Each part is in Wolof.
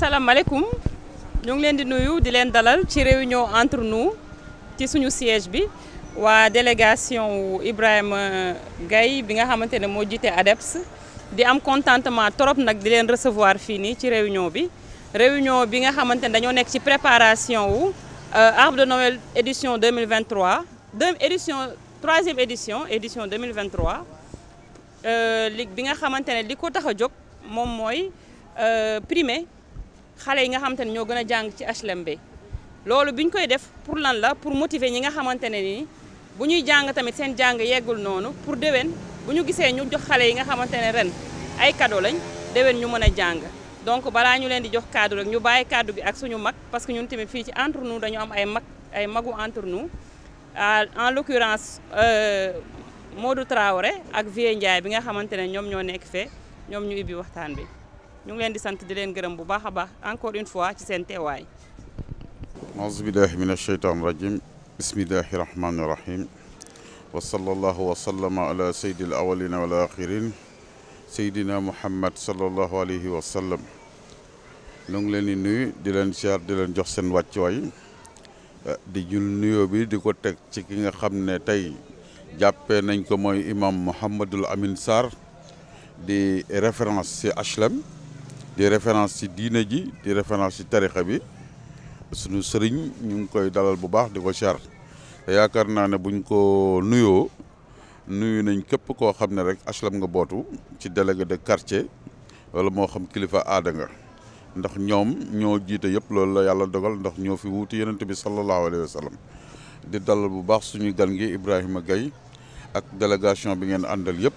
Assalam ñu ngi leen di réunion entre nous siège bi délégation Ibrahim Gaye bi nga ADEPS di am contentement trop di leen recevoir réunion bi réunion bi nga préparation euh, Arbre de Noël édition 2023 édition troisième édition édition 2023 euh, li bi nga xale yi nga xamante ne ñoo gën a jàng ci HLM bi loolu bi ñu koy def pour lan la pour motiver ñi nga xamante ne ni bu ñuy jàng tamit seen jàng yeggul noonu pour déwén bu ñu gisee ñu jox xale yi nga xamante ne ren ay kado lañ déwén ñu mën a jàng donc balaa ñu leen di jox cadeau rek ñu bàyyi cadeau bi ak suñu mag parce que ñun tamit fii ci entre nous dañu am ay mag ay magu entre nous en l'occurrence euh, Modou Traoré ak Vieux Ndiaye bi nga xamante ne ñoom ñoo nekk fee ñoom ñu ibbi waxtaan bi ñu ngi leen di sant di leen gërëm bu baax a baax encore une fois ci seen teewaay aousubillahi min asheytaan rajim bismillahi rahmaani rahim wa sallallahu wa sallama seydina muhammad sallallahu alayhi wa sallam ngi leen di nuyu di leen siyaar di leen jox seen wàccuwaay di jul nuyoo bi di ko teg ci ki nga xam ne tey jàppee nañ ko mooy imam Mouhamadul Amin Sarr di référence ci HLM di référence ci diiné ji di référence ci tarixa bi suñu sëriñ ñu ngi koy dalal bu baax diko xaar char te buñ ko nuyo nuyu nañ képp ko xamné rek aslam nga botu ci délégué de quartier wala mo xam kilifa aada nga ndax ñom ñoo jité yépp loolu la yalla dogal ndax ñoo fi wuuti yonent bi sallallahu alayhi wasallam. di dalal bu baax suñu gan gi Ibrahima gay ak délégation bi ngeen andal yépp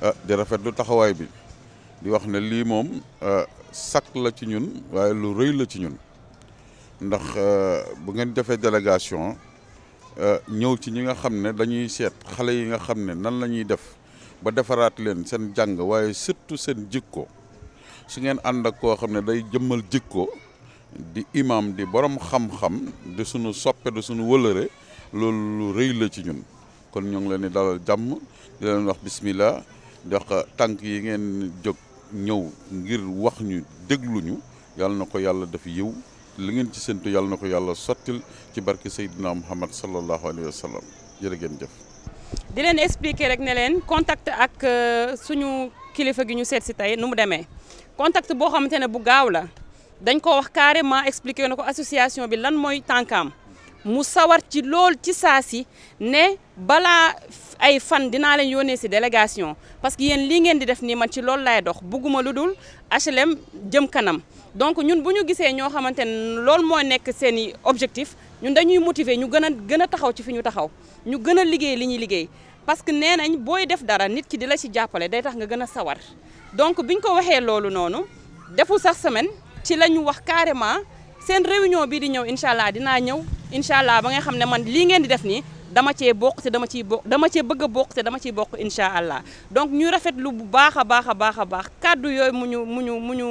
ah, di di lu taxaway bi di wax ne mom euh sak la ci ñun waye lu reuy la ci ñun ndax euh, bu ngeen defé délégation euh, ñew ci ñi nga xamne dañuy sét xalé yi nga xamne nan lañuy def ba defaraat leen seen jang waye surtout seen jikko su ngeen and ak ko xamne day jëmmal jikko di imam di borom xam-xam di sunu soppe di sunu wulere loolu lu la ci ñun kon ñoo ngi leen di dalal jamm di leen wax bismillah di wax yi ngeen jog ñëw ngir wax ñu dégluñu yàlla na ko yàlla dafa yëw li ngeen ci séntu yàlla na ko yàlla sottil ci barke Seydina Muhammad sallallahu alayhi wa sallam jërë ngeen jëf. di leen expliquer rek ne leen contact ak euh, suñu kilifa gi ñu seet si tey nu mu demee contact boo xamante ne bu gaaw la dañ ko wax carrément expliquer na ko association bi lan mooy tànkam mu sawar ci loolu ci saa si ne balaa ay fan dinaa leen yónnee si délégation parce que yéen lii ngeen di def nii man ci loolu laay dox bugguma lu dul HLM jëm kanam donc ñun bu ñu gisee ñoo xamante ne loolu moo nekk seen i objectif ñun dañuy motiver ñu gën a gën a taxaw ci fi ñu taxaw ñu gën a liggéey li ñuy liggéey parce que nee nañ booy def dara nit ki di la ci jàppale day tax nga gën a sawar donc bi biñ ko waxee loolu noonu deful sax semaine ci la ñu wax carrément seen réunion bii di ñëw incha allah dinaa ñëw incha allah ba nga xam ne man lii ngeen di def nii dama cee bokk te dama dama cee bëgg a bokk te dama ciy bokk incha allah donc ñu rafetlu bu baax a baax a baax a baax kàddu yooyu mu ñu mu ñu mu ñu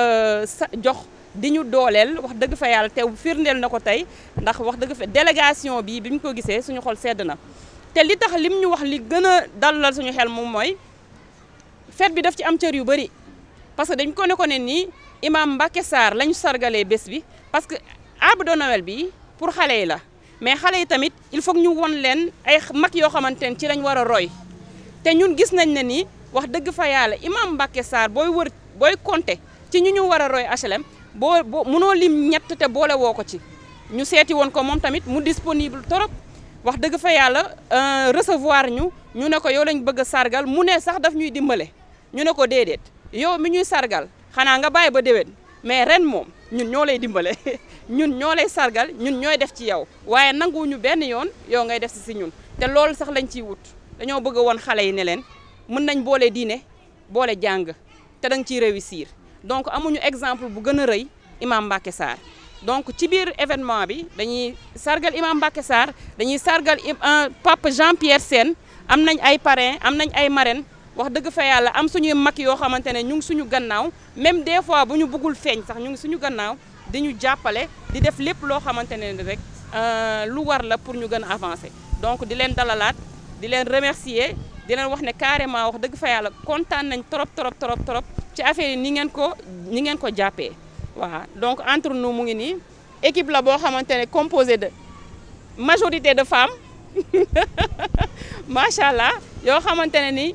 euh, sa jox di ñu dooleel wax dëgg fa yàlla te firndeel na ko tey ndax wax dëgg fa délégation bi bi ñu ko gisee suñu xol sedd na te li tax li mu ñu wax li gën a dalal suñu xel moom mooy fête bi daf ci am cër yu bëri parce que dañ ko ne ne nii imaam Mbacke Sarr la ñu sargalee bés bi parce que arbre de Noël pour xale yi la mais xale yi tamit il faut ñu won leen ay mag yoo xamante ne ci lañ war a roy te ñun gis nañ ne ni wax dëgg fa yàlla imam Mbacke Sarr booy wër booy compter ci ñu ñu war a roy HLM boo boo mënoo lim ñett te boole woo ko ci ñu seeti woon ko moom tamit mu disponible trop wax dëgg fa yàlla euh, recevoir ñu ñu ne ko yow lañ bëgg a sargal mu ne sax daf ñuy dimbale ñu ne ko déedéet yow mi ñuy sargal xanaa nga bàyyi ba déwén mais ren moom. ñun ñolay dimbalé ñun ñolay sargal ñun ñoy def ci yow waaye nanguwuñu benn yoon yow ngay def ci si ñun té lool sax lañ ci wut dañoo bëgg woon xalé yi neleen leen mën nañ boole diine boole jàng te danga ci réussir donc amuñu exemple bu gëna reuy imam Mbacke sar donc ci biir événement bi dañuy sargal imam Mbacke sar dañuy sargal euh, Pape Jean Pierre sen am nañ ay parrain am nañ ay marraine wax deug fa yalla am suñu mag yo xamantene ñu suñu gannaaw même des fois buñu bëggul feeñ sax ñu ngi suñu gannaaw di jappalé di def lépp lo xamantene ne rek euh, lu war la pour ñu gën avancer donc di leen dalalat di leen remercier di leen wax né carrément wax deug fa yalla kontaan nañ trop trop trop trop ci affaire yi ni ngeen ko ni ngeen ko jappé waaw donc entre nous mu ngi ni équipe la bo xamantene composée de majorité de femmes machallah yo xamantene ni.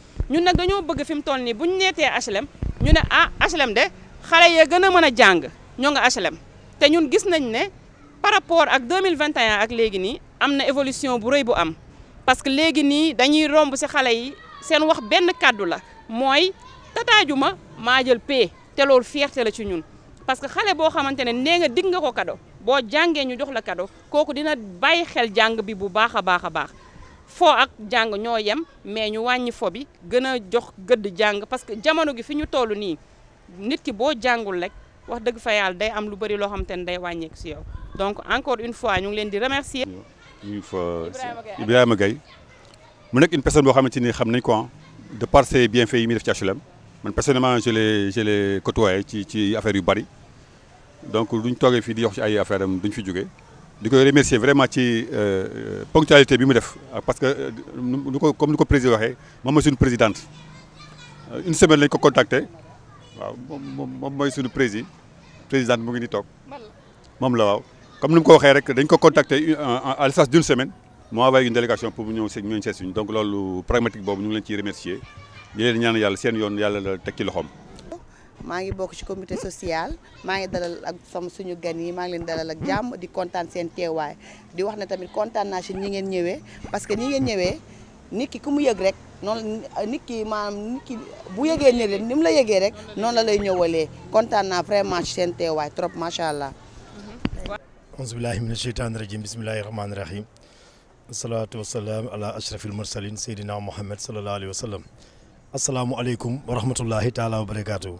ñun nag dañoo bëgg fi mu toll nii bu ñu neetee HLM ñu ne ah HLM de xale yee gën a mën a jàng ñoo nga HLM te ñun gis nañ ne par rapport ak 2021 ak léegi nii am na évolution bu rëy bu am parce que léegi nii dañuy romb si xale yi seen wax benn kàddu la mooy tataajuma maa jël pee te loolu fierté la ci ñun parce que xale boo xamante ne nee nga dig nga ko kado boo jàngee ñu jox la kado kooku dina bàyyi xel jàng bi bu baax a baax a baax foo ak jàng ñoo mais ñu wàññi fo bi gëna jox gëdd jang parce que jamono gi fi ñu tollu ni nit ki bo jangul rek wax dëgg fa yàlla day am lu bëri lo xam te day wàññeeku ci yow donc encore une fois ñu ngi leen di remercier. ñu fa Ibrahima Gay mu nek une personne bo xamanteni xam nañ ko hein, de par ses bienfaits yi muy def ci HLM man personnellement je l'ai je l'ai côtoyé ci ci affaire yu bari donc duñ togué fi di yox ci ay affaire am duñ fi jógee. Je remercie vraiment la euh, ponctualité parce que euh, comme nous président je suis une présidente euh, une semaine je ko contacté présidente comme nous contacté à l'espace d'une semaine suis une délégation pour une signer donc pragmatique Je ñu maa ngi bokk ci comité social maa ngi dalal ak som suñu gan yi maa ngi leen dalal ak jàmm di kontaan seen teewaay di wax ne tamit kontaan naa ci ñi ngeen ñëwee parce que ñi ngeen ñëwee nit ki ku mu yëg rek noonu nit ki maanaam nit bu yëgee ne ni mu la yëgee rek noonu la lay ñëwalee kontaan naa vraiment ci seen teewaay trop macha allah. auzu billahi mina sheytaani rajim bismillahi rahmaani rahim asalaatu wasalaam ala ashrafil mursalin seydina muhammad salallahu alayhi wa sallam asalaamualeykum wa rahmatullahi taala wa barakaatuhu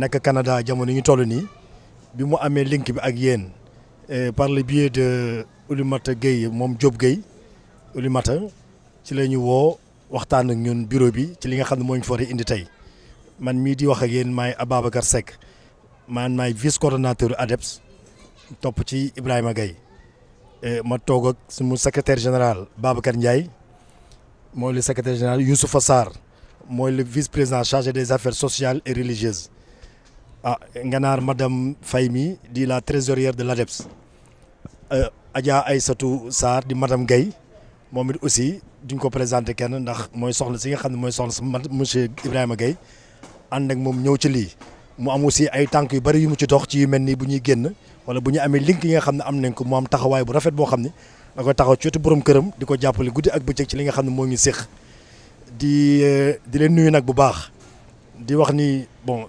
nekk Canada jamono yi ñu toll nii bi mu amee link bi ak yéen eh, par le biais de Oulimata Gueye moom Diop Gueye Oulimata ci la ñu woo waxtaan ak ñun bureau bi ci li nga xam ne moo ñu fa indi tey man mii di wax ak yéen maay Ababacar Seck man maay vice coordonnateur ADEPS topp ci Ibrahima Gueye eh, ma toog ak suñu secretaire général Babacar Ndiaye mooy le secrétaire général Youssoufa Sarr mooy le vice président chargé des affaires sociales et religieuses ah nganaar madame Faye mi di la trésorière de l'ADEPS euh, Adja Aïssatou Sar, di madame Gay, moom aussi duñ ko présenté kenn ndax mooy soxla si nga xam ne soxla monsieur Ibrahima Gay, and ak moom Moi ci mu am aussi ay tànk yu bari yu mu ci dox ci yu mel nii bu ñuy génn wala bu ñu link yi nga xam ne am nañ ko mu am taxawaay bu rafet boo xam da koy taxaw ci borom këram di ko jàppale guddi ak bëccëg ci li nga xam ngi di euh, di leen nuyu nag bu baax di wax ni bon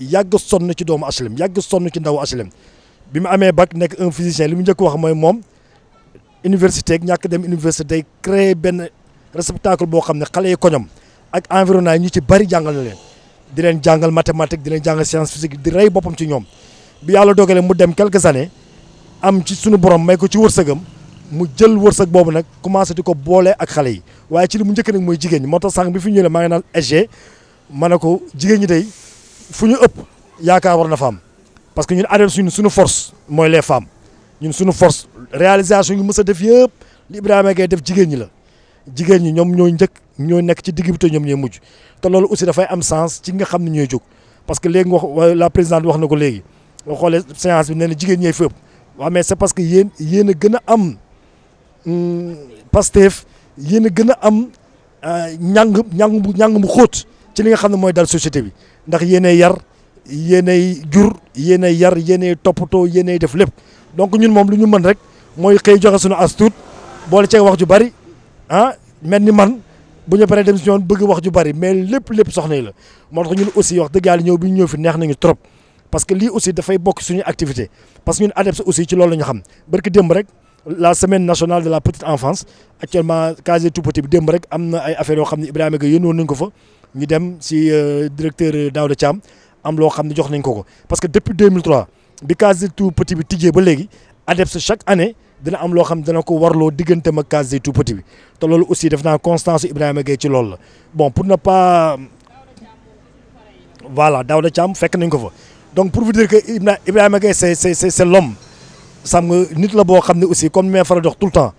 yàgg sonn ci doomu HLM yàgg sonn ci ndaw HLM bi mu amee bac nekk un physicien li mu njëkk wax mooy moom université ak ñàkk dem université day créer benn réceptacle boo xam ne xale yi koñom ak environnement yi ñu ci bari jàngal na leen di leen jàngal mathématique di leen jàngal science physique di rey boppam ci ñoom bi yàlla dogalee mu dem quelques années am ci sunu borom may ko ci wërsëgam mu jël wërsëg boobu nag commencé di ko boole ak xale yi waaye ci li mu njëkk nag mooy jigéen ñi moo tax sànq bi fi ñëwee maa ngi naan SG ma ne ko jigéen ñi tey fuñu ñu ëpp yaakaar war na fa parce que ñun adem suñu suñu force mooy les femmes ñun suñu force réalisation yu mës a def yëpp li Ibrahima Gueye def jigéen ñi la jigéen ñi ñoom ñooy njëkk ñooy nekk ci digg bi te ñoom ñooy mujj te loolu aussi dafay am sens ci nga xam ne ñooy jóg parce que léegi wax la présidente wax na ko léegi xoolee séance bi nee na jigéen ñooy fépp waaw mais c'est parce que yéen yéen a gën a am hmm, Pastef yéen a gën a am euh, ñàng ñàng bu ñàng bu xóot ci li nga xamne moy dal société bi ndax yene yar yene jur yene yar yene topoto yene def lepp donc ñun mom lu ñu mën rek moy xey joxe suñu as bo boole ci wax ju bari ah melni man bu ñu paree dem ci ñoon bëgg wax ju bari mais lepp lepp soxna la mo tax ñun aussi wax dëgg yàlla ñew bi ñew fi neex nañu trop parce que li aussi da fay bokk suñu activité parce que ñun ADEPS aussi ci loolu la ñu xam barki démb rek la semaine nationale de la petite enfance actuellement casier tout petit bi démb rek amna ay affaire yo xamni Ibrahima Gueye yónni woon ko fa ñu dem si euh, directeur euh, Daouda Cham, am loo xam ne jox nañ ko ko parce que depuis 2003 bi case des tout petit bi tijjee ba léegi ADEPS chaque année dina am lo xam dana ko warlo digganteem ak case des tout petit bi te lolu aussi def naa constance Ibrahima gay ci lolu bon pour ne pas voilà dawda cham fekk nañ ko fa donc pour vous dire que Ibrahima gay c'est c'est c'est l'homme sàmm nit la boo xam ne aussi comme may faral di wax tout le temps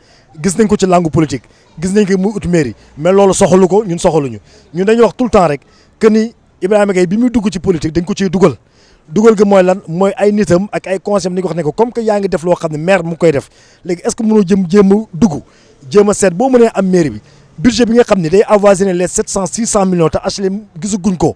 gis nañ ko ci langue politique gis nañ ko mu ut mairie mais loolu soxalu ko ñun soxaluñu ñun dañuy wax tout le temps rek que ni Ibrahima bi muy dugg ci politique dañ ko ciy dugal dugal ga mooy lan mooy ay nitam ak ay conseils ni ko ko comme que yaa ngi def loo xam ne maire mu koy def léegi est ce que mënoo jëm jéem a dugg jéem seet boo mënee am mairie bi budget bi nga xam ne day avoisiner les sept cent six cent millions te HLM ko.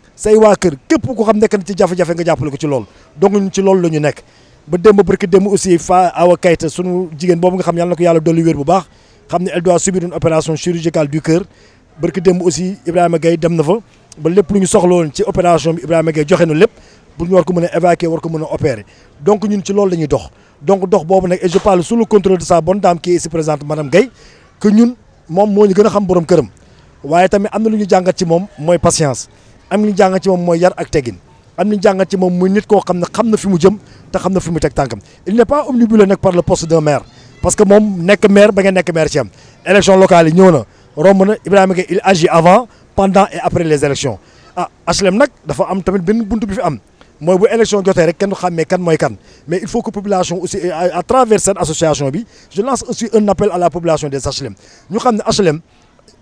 say waa kër képp ko xam nekk na ci jafe-jafe nga jàppale ko ci loolu donc ñun ci loolu la ñu nekk ba démb barki démb aussi fa Awa Kayta sunu jigéen boobu nga xam yàlla na ko yàlla dolli wér bu baax xam ne elle doit subir une opération chirurgicale du cœur barki démb aussi Ibrahima gay dem na fa ba lépp lu ñu soxla woon ci opération bi Ibrahima Gaye joxe na lépp pour ñu war ko mën a évacuer war ko mën a opérer donc ñun ci loolu la ñuy dox donc dox boobu nag et je parle sa bonne dame qui est présente madame Gaye que ñun moom moo ñu gën a xam borom këram waaye tamit am na lu ñu jàngat ci moom mooy patience amni li jàngat ci moom mooy yar ak teggin amni li jàngat ci moom muy nit ko xamne xamna fimu jëm te xamna fimu tek tankam il n'est pas omnibulé nak par le poste d'un maire parce que mom nek maire ba nga nek maire ci am élection locale yi ñëw romb na Ibrahima il agit avant pendant et après les élections ah HLM nak dafa am tamit ben buntu bi fi am moy bu élection jotee rek kenn du kan moy kan mais il faut que population aussi à travers cette association bi je lance aussi un appel à la population des HLM ñu xam ne HLM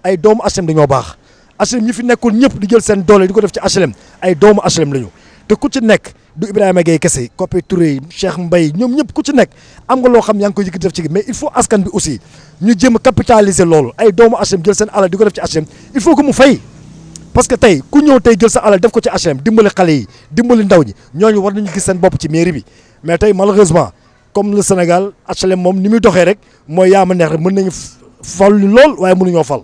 ay doomu HLM dañu bax HLM ñi fi nekkoon ñëpp di jël seen doole di ko def ci HLM ay doomu HLM lañu te ku ci nekk du Ibrahima Gueye kese Copé Touré Cheikh Mbaye ñoom ñëpp ku ci nekk am nga loo xam yaa ngi koy yëkkati def ci mais il faut askan bi aussi ñu jéem capitaliser loolu ay doomu HLM jël seen alal di ko def ci HLM il faut que mu fay parce que tey ku ñëw tey jël sa alal def ko ci HLM dimbali xale yi dimbali ndaw ñi ñooñu war nañu gis seen bopp ci mairie bi mais tey malheureusement comme Sénégal HLM moom ni muy doxee rek mooy yaa ma neex rek mën nañu fal lool waaye mënuñoo fal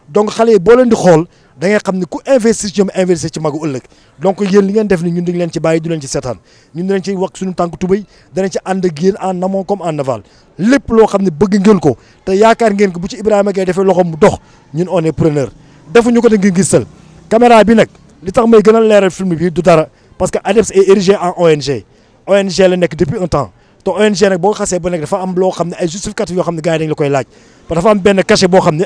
donc xalé bo boo leen di xol da ngay xamni ku investir ci ñoom investir ci magu ëllëg donc yeen li ngeen def ni ñun dañ leen ci bayyi du leen ci seetaan ñun leen ci wax suñu tànk tubéy danañ ci ànd ak yéen en amont comme en aval lepp lo xamni bëgg ngeen ko te yaakaar ngeen ko bu ci Ibrahima gay defee loxom mu dox ñun on est preneur defuñu ko da ngeen gisal caméra bi nak li tax may gënal a film bi du dara parce que ADEPS est érigé en ONG ONG la nek depuis un temps te ONG nag bo xasse ba nek dafa am lo xamni ay justificatif yo xamni gaay dañ la koy laaj dafa am benn cachet bo xamni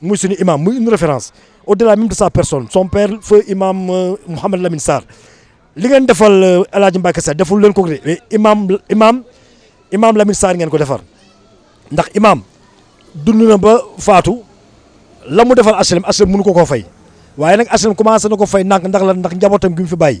muy suñu imam muy une référence au-delà même de sa personne son père feu imam euh, Mouhamed Lamine Sarr li ngeen defal El euh, Hadj Mbacké Sarr deful leen ko mais imaam imam imam Lamine Sarr ngeen ko defar ndax imaam dund na ba faatu la mu defal HLM HLM mënu ko ko fay waaye nag HLM commencé na ko fay nànk ndax la ndax njabootam gi mu fi bàyyi.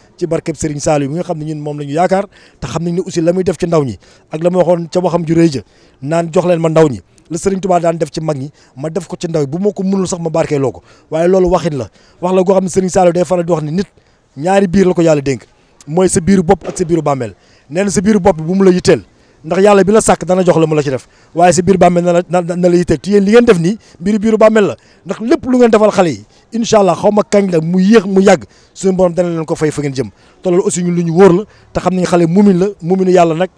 ci barkeb Serigne Saliou mi nga xam ne ñun moom la yaakaar te xam nañ ne aussi la muy def ci ndaw ñi ak la ma waxoon ca waxam ju ja naan jox leen ma ndaw ñi la Serigne Touba daan def ci mag ñi ma def ko ci ndaw bu ma ko mënul sax ma barke loo ko waaye loolu waxin la wax la goo xam ne Serigne Saliou day faral di wax ne nit ñaari biir la ko yàlla dénk mooy sa biiru bopp ak sa biiru bàmmeel nee na sa biiru bopp bu mu la yitteel ndax yàlla bi la sàkk dana jox la mu la ci def waaye si biir bàmmeel na la na la yitteel te yéen li ngeen def nii mbiru biiru bàmmeel la ndax lépp lu ngeen defal xale yi incha allah xaw ma kañ la mu yéex mu yàgg suñu borom dana leen ko fay fa ngeen jëm te loolu aussi ñun lu ñu wóor la te xam nañ xale mumin la mu muminu yàlla nag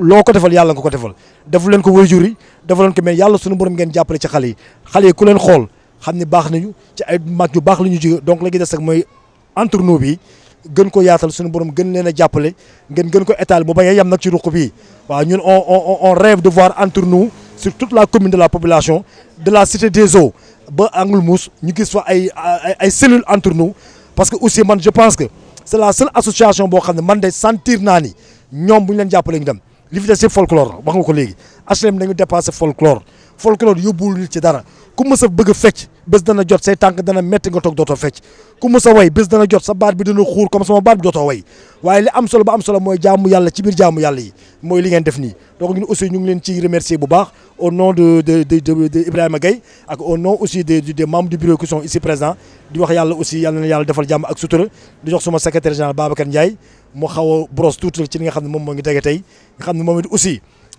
loo ko defal yàlla nga ko defal defu leen ko waajur yi defu leen ko mais yàlla suñu borom ngeen jàppale ci xale yi xale ku leen xool xam ne baax nañu ci ay mag yu baax la ñu jóge donc la gi des mooy entre bi gën ko yaatal suñu borom gën leen jappalé gën gën ko étal mu baye yam nak ci ruq bii waaw ñun on on on rêve de voir entre nous sur toute la commune de la population de la cité des eaux ba Angle Mousse ñu gis fa ay ay cellule entre nous parce que aussi man je pense que c'est la seule association bo xamné man de sentir nani ñom ñoom leen jappalé ñu dem li fi des si folklore wax nga ko légui HLM dañu dépasser folklore folklore yóbbuwul nit ci dara ku mës a bëgg fecc bés dana jot say tank dana metti nga tok doto fecc ku mës way bés dana jot sa baat bi dana xuur comme sama baat doto dootoo way waaye li am solo ba am solo moy jaamu yalla ci bir jaamu yalla yi moy li ngeen def nii donc ñun aussi ñu ngi leen ci remercier bu baax au nom de de de de Ibrahima Gueye ak au nom aussi des des membres du bureau qui sont ici présents di wax yalla aussi yalla na yalla defal jam ak sutura di jox suma secrétaire général Babacar Ndiaye mu xaw brosse tuuti ci li nga xamne mom mo ngi tege tay nga xamne ne aussi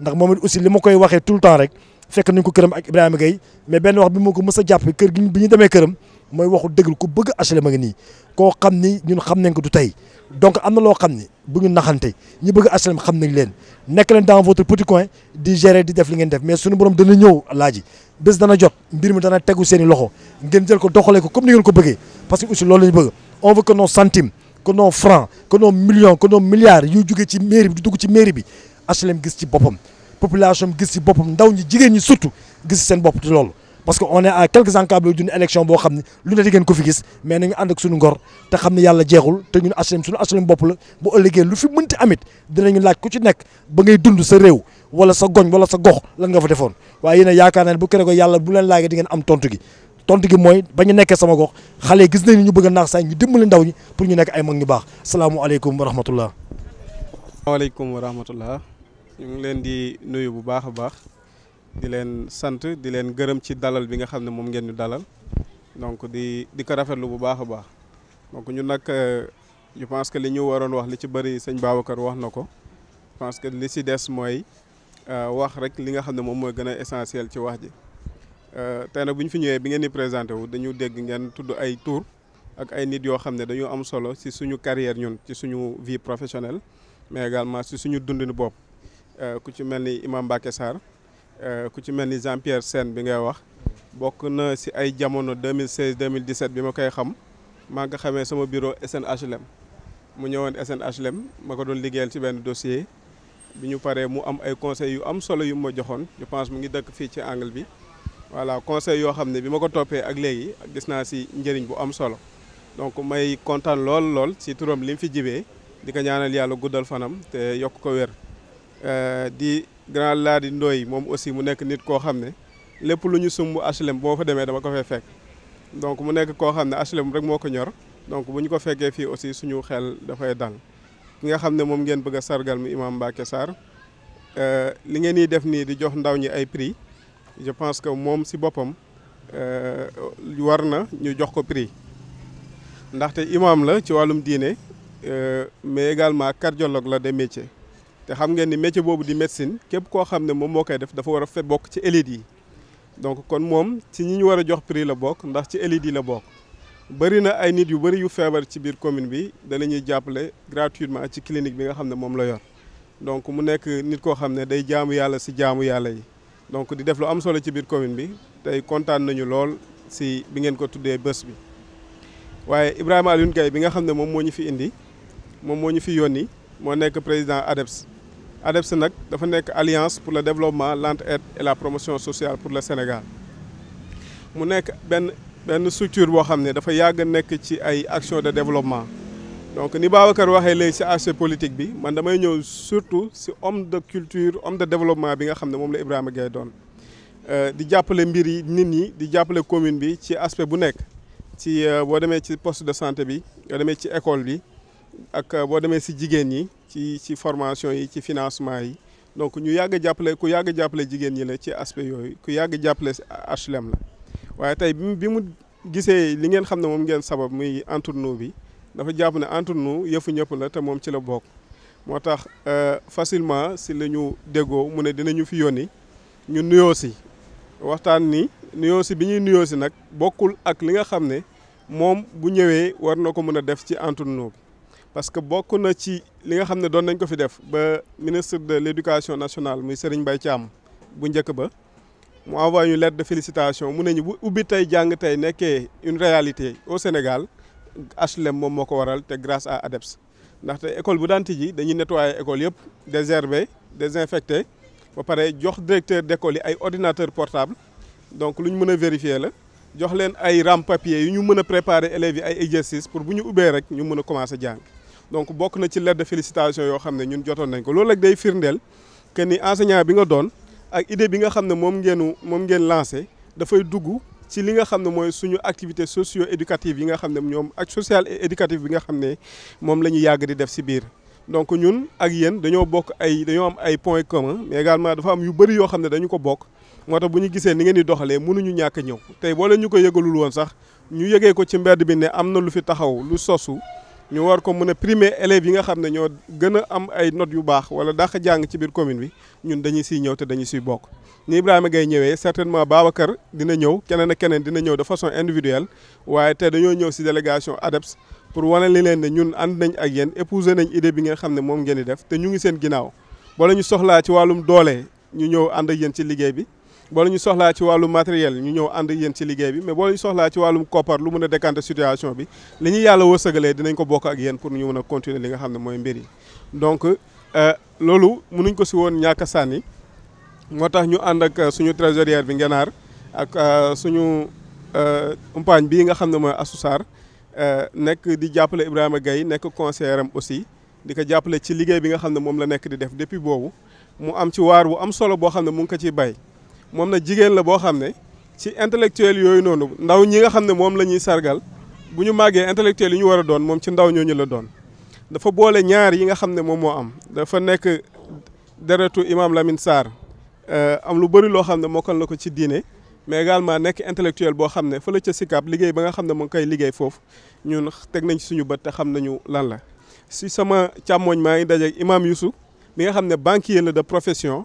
ndax momit aussi li ma koy waxee tout le temps rek fekk nañ ko kërëm ak Ibrahima Gueye mais ben wax bi moko mësa mës a jàpp kër gi bi ñu demee këram waxu dëgg ku bëgg HLM a ngi nii koo xam ñun xam nañ ko du tay donc amna lo xamni xam ni bu ñu naxante ñi bëgg HLM xam nañ leen nekk leen dans votre petit coin di gérer di def li ngeen def mais suñu borom dana ñëw laaji bës dana jot mbir mi dana téggu seeni loxo ngeen jël ko doxalé ko comme ni ngeen ko bëggee parce que aussi loolu la bëgg on veut que nos centimes que nos francs que nos millions que nos milliards yu jugee ci mairie bi du dugg ci mairie bi HLM gis ci boppam population gis ci boppam ndaw ñi jigéen ñi surtout gis seen bopp ci loolu parce que on est à quelques encablures d'une élection boo xam ne lu ne di ngeen ko fi gis mais nañu ànd ak suñu ngor te xam ne yàlla jeexul te ñun HLM suñu bopp la bu ëllëgee lu fi mënti amit dinañu laaj ku ci nekk ba ngay dund sa réew wala sa goñ wala sa gox lan nga fa defoon waaye yéen yaakaar naa ne bu kere ko yàlla bu leen laajee di am tontu gi tontu gi mooy ba ñu nekkee sama gox xale gis nañ ñu bëgg a naax saa ñu dimbali ndaw nekk ay mag ñu baax salaamualeykum wa rahmatullah waaleykum wa rahmatullah ñu ngi leen di nuyu bu baax a baax di leen sant di leen gërëm ci dalal bi nga xam ne moom ngeen ñu dalal donc di di ko rafetlu bu baax a baax donc ñu nag euh, je pense que li ñu waroon wax li ci bëri sëñ Babacar wax na ko je pense que li si des mooy euh, wax rek li nga xam ne moom mooy gën a essentiel ci wax ji euh, tey nag bu ñu fi ñëwee bi ngeen di présenté wu dañu dégg ngeen tudd ay tour ak ay nit yoo xam ne dañu am solo ci suñu carrière ñun ci suñu vie professionnelle mais également ci suñu dundinu bopp Euh, ku ci mel ni imam Mbacke Sarr euh, ku ci mel ni Jean Pierre Sène bi ngay wax bokk na si ay jamono 2016 2017 bi ma koy xam maa nga xamee sama bureau SNHLM mu ñëwoon SNHLM ma ko doon liggéeyal ci benn dossier bi ñu paree mu am ay conseils yu am solo yu mu ma joxoon je pense mu ngi dëkk fii ci angle bi voilà conseil yoo xam ne bi ma ko toppee ak léegi gis naa si njëriñ bu am solo donc may kontaan lool lool si turam li mu fi jibee di ko ñaanal yàlla guddal fanam yokk ko wér Euh, di grand Ladi Ndoye moom aussi mu nekk nit koo xam ne lépp lu ñu sumb HLM boo fa demee dama ko fay fekk donc mu nekk koo xam ne HLM rek moo ko ñor donc bu ñu ko fekkee fii aussi suñu xel dafay dal ki nga xam ne moom ngeen bëgg a sargal mi imam Mbacké Sarr euh, li ngeen di def nii di jox ndaw ñi ay prix je pense que moom si boppam euh, war na ñu jox ko prix ndaxte imam la ci wàllum diine mais également cardiologue la de métier. te xam ngeen ni métier boobu di médecine képp koo xam ne moom moo koy def dafa war a fe bokk ci élite yi donc kon moom ci ñi ñu war a jox prix la bokk ndax ci élite yi la bokk bari na ay nit yu bëri yu feebar ci biir commune bi danañuy jàppale gratuitement ci clinique bi nga xam ne moom la yor donc mu nekk nit koo xam ne day jaamu yàlla si jaamu yàlla yi donc di def lu am solo ci biir commune bi tey kontaan nañu lool si bi ngeen ko tuddee bés bi waaye Ibrahima Alioune Gaye bi nga xam ne moom moo ñu fi indi moom moo ñu fi yónni moo nekk président ADEPS ADEPS nag dafa nekk alliance pour le développement l'entraide et la promotion sociale pour le Sénégal mu nekk ben ben structure boo xam ne dafa yàgg nekk ci ay actions de développement donc ni Babacar waxee léegi ci aspect politique bi man damay ñëw surtout ci homme de culture homme de développement bi nga xam ne moom la Ibrahima Gueye doon euh, di jàppale mbir yi nit ñi di jàppale commune bi ci aspect bu nekk ci euh, boo demee ci poste de santé bi boo demee ci école bi ak euh, boo demee ci jigéen ci ci formation yi ci financement yi donc ñu yag a ku yag a jigen ñi la ci aspect yooyu ku yag a HLM la waye tay bi mu gisee li ngeen xam mom ngeen sabab muy entournou bi dafa jàpp ne entournou yëfu ñep la te mom ci la bok motax euh facilement si la ñu déggoo mu ne dinañu fi yoni ñu nuyo ci waxtaan ni nuyo ci bi nuyo ci nak bokul ak li nga xam mom bu ñëwé war nako mëna def ci entournou bi parce que beaucoup na ci li nga xamné doon nañ ko fi def ba ministre de l'éducation nationale muy Serigne Mbaye Thiam bu ñëk ba mu envoyé ñu lettre de félicitation mu ne ñu bu ubbi tay jàng une réalité au Sénégal HLM mom moko waral té grâce à ADEPS té école bu daan ji dañuy nettoyer école yépp désherber désinfecter ba paré jox directeur d'école yi ay ordinateur portable donc luñ mëna vérifier la jox leen ay rames papier yu ñu mëna préparer élèves yi ay exercices pour bu ñu ubbee rek ñu mëna commencer jang donc bok na ci lettre de félicitation yoo xam ñun jotoon nañ ko loolu nag day firndel que ni enseignant bi nga doon ak idée bi nga xamné mom ngeenu mom ngeen lancé dafay dugg ci li nga xamné moy suñu activité socio éducative yi nga xamné ñom ak social et éducative bi nga xamné mom lañu yag di def ci biir donc ñun ak yéen dañoo bok ay dañoo am ay points communs mais également dafa am yu bari yo xamné dañu ko bok moo tax bu ñu gisee ni ngeen di doxalee mënuñu ñàkk ñëw tey boo leen ñu ko yëgalul woon sax ñu yëgee ko ci mbedd bi ne am na lu fi taxaw lu sosu ñu war ko mën a primer élèves yi nga xam ne ñoo gën a am ay notes yu baax wala dàq jàng ci biir commune bi ñun dañu siy ñëw te dañu siy bokk ni Ibrahima Gaye ñëwee certainement Babacar dina ñëw keneen ak keneen dina ñëw de façon individuelle waaye te dañoo ñëw si délégation ADEPS pour wane li leen ne ñun ànd nañ ak yéen épouser nañ idée bi nga xam ne moom ngeen di def te ñu ngi seen ginnaaw bala ñu soxlaa ci wàllum doole ñu ñëw ànd ak yéen ci liggéey bi boo la ñu soxlaa ci wàllu matériel ñu ñëw ànd yéen ci liggéey bi mais boo la ñu soxlaa ci wàllum koppar lu mën a décanter situation bi li ñu yàlla wërsëgalee dinañ ko bokk ak yéen pour ñu mën a continuer li nga xam ne mooy mbir yi donc euh, loolu mënuñ ko si woon ñàkk sànni moo tax ñu ànd ak euh, suñu trésorière bi ngenaar ak euh, suñu umpaañ bii nga xam ne mooy asusaar nekk di jàppale Ibrahima Gaye nekk conseiller aussi di ko jàppale ci liggéey bi nga xam ne moom la nekk di def depuis boobu mu am ci waar bu am solo boo xam ne mu ngi ko ciy bay moom na jigen la bo xamné ci intellectuel yoy noonu ndaw ñi nga xamné mom lañuy sargal buñu maggé intellectuel yi ñu wara doon mom ci ndaw ñoñu la doon dafa boole ñaar yi nga xamné mom mo am dafa nek deretu imam Lamine sar euh am lu bari lo xamné ne mokkal na ci diiné mais également nek intellectuel bo xamné fa la ci sikap liggéey ba nga xamné mo mu ngi koy liggéey foofu ñun tek nañ ci suñu bët te xam nañu lan la si sama chamoñ ma ngi dajé imam Youssou mi nga xamné banquier la de profession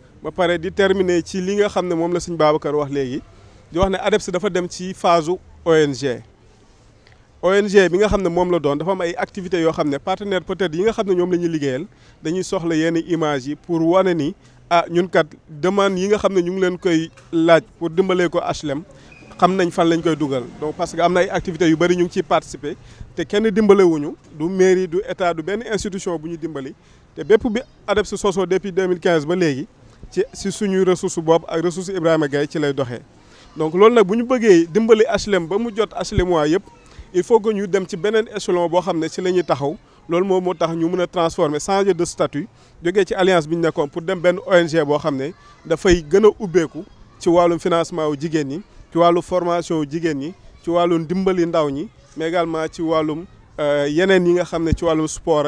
ba pare di terminer ci li nga xamné mom moom la suñ Babacar wax légui di wax né ADEPS dafa dem ci phase ONG. ONG bi nga xamné mom la doon dafa am ay activités yo xamné ne partenaire peut-être yi nga xamné ñom lañuy la liggéeyal dañuy soxla yenn image yi pour wane ni ah ñun kat demande yi nga xamné ñu ngi leen koy laaj pour dimbalé ko HLM xam nañ fan lañ koy duggal donc parce que am na ay activités yu bari ñu ngi ci participer te kenn wuñu du mairie du état du ben institution bu ñu dimbali te bépp bi ADEPS soso depuis 2015 ba légui ci si ressources ressource bob ak ressource Ibrahima Gaye ci donc lool nak buñu bëggé dimbali HLM il faut que ñu dem ci benen échelon bo xamné ci lañuy taxaw ñu transformer changer de statut joggé ci alliance bi pour pour dem ben ONG bo xamné da fay gëna ci walum financement wu jigen ni ci formation wu ci dimbali mais également ci euh, yi sport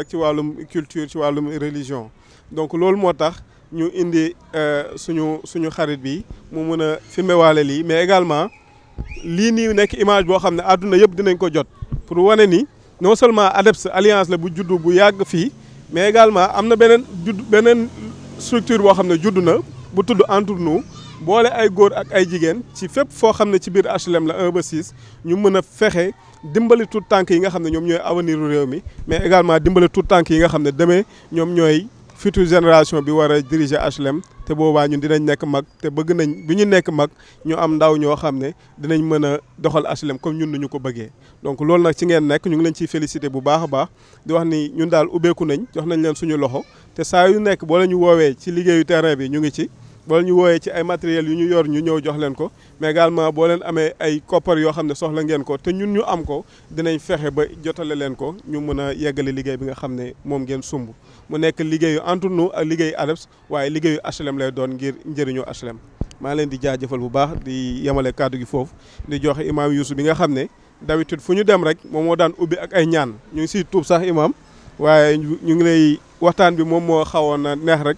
culture ci religion donc lool moo tax. ñu indi euh, suñu suñu xarit bi mu mën a filmé waale lii mais également lii nii nekk image boo xam ne àdduna yëpp dinañ ko jot pour wane ni non seulement ADEPS alliance la bu juddu bu yàgg fii mais également am na beneen judd beneen structure boo xam ne juddu na bu tudd entre nous boole ay góor ak ay jigéen ci fépp foo xam ne ci biir HLM la 1 ba 6 ñu mën a fexe dimbali tout tànk yi nga xam ne ñoom ñooy avenir réew mi mais également dimbali tout tànk yi nga xam ne demee ñoom ñooy. future génération bi war a diriger HLM te boobaa ñun dinañ nekk mag te bëgg nañ bu ñu nekk mag ñu am ndaw ñoo xam ne dinañ mën a doxal HLM comme ñun nañu ko bëggee donc loolu nag ci ngeen nekk ñu ngi leen ciy félicité bu baax a baax di wax ni ñun daal ubbeeku nañ jox nañ leen suñu loxo te saa yu nekk boo la ñu woowee ci liggéeyu terrain bi ñu ngi ci wala ñu wooyee ci ay matériels yu ñu yor ñu ñëw jox leen ko mais boo leen amee ay koppar yoo xam ne soxla ngeen ko te ñun ñu am ko dinañ fexe ba jotale leen ko ñu mën a yeggale liggéey bi nga xam ne moom ngeen sumb mu nekk liggéeyu entre nous ak liggéeyu ADEPS waaye liggéeyu HLM lay doon ngir njëriñu HLM. maa leen di jaajëfal bu baax di yemale kàddu gi foofu di joxe imaam Youssou bi nga xam ne d'habitude fu ñu dem rek moom moo daan ubbi ak ay ñaan ñu ngi siy tuub sax imaam waaye ñu ngi lay waxtaan bi moom moo xawoon neex rek.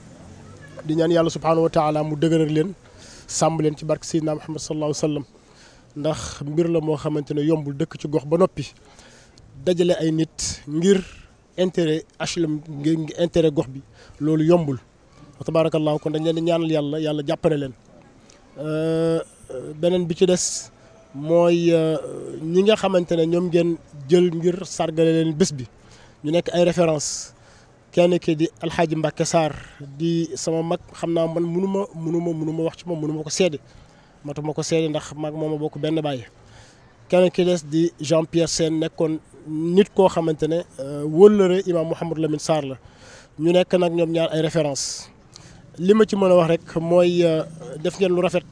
di ñaan yàlla subhanahu wa taala mu dëgëral leen sàmm leen ci barke Seydina Muhammad sallallahu alayhi wasallam ndax mbir la mo xamantene yombul dëkk ci gox ba nopi dajale ay nit ngir intérêt achlam ngir intérêt gox bi loolu yombul wa tabaarakallaahu kon dañ leen di ñaanal yàlla yàlla jàppale leen euh benen bi ci dess moy ñi nga xamantene ñom ñoom ngeen jël ngir sargale leen bés bi ñu nek ay référence kenn ki di alxaaji Mbacke Sarr di sama mag xam naa man munu ma munu ma munu wax ci moom munu ko sedd matuma ko seede ndax mag moom ma bokk benn bàyyi kenn ki des di Jean Pierre Sène nekkoon nit koo xamante ne euh, wóllëre imaam Mouhamadou Lamine Sarr la ñu nekk nag ñoom ñaar ay référence li ma ci mën a wax rek mooy euh, def ngeen lu rafet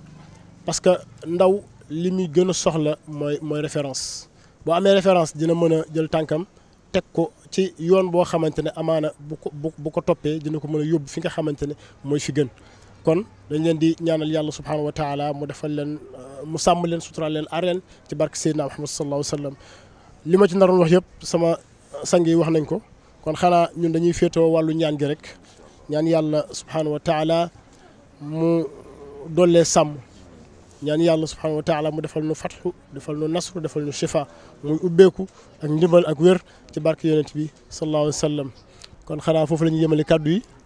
parce que ndaw li muy gën a soxla mooy mooy référence boo amee référence dina mën a jël tànkam teg ko ci yoon boo xamante ne amaana bu ko bu ko toppee dina ko mën a yóbbu fi nga xamante ne mooy fi gën kon dañ leen di ñaanal yàlla subhaanahu wa taala mu defal leen mu sàmm leen sutural leen aar leen ci barke Seydina Muhammad sallallahu alayhi wa sallam li ma ci naroon wax yëpp sama sang yi wax nañ ko kon xanaa ñun dañuy féetoo wàllu ñaan gi rek ñaan yàlla subhaanahu wa taala mu dollee sàmm ñaan yàlla subhanahu wa taala mu defal nu fathu defal nu nasr defal nu shifa muy ubbeeku ak ndimbal ak wér ci barke yonent bi sallallahu alayhi wasallam kon xana fofu lañu yemale kàddu yi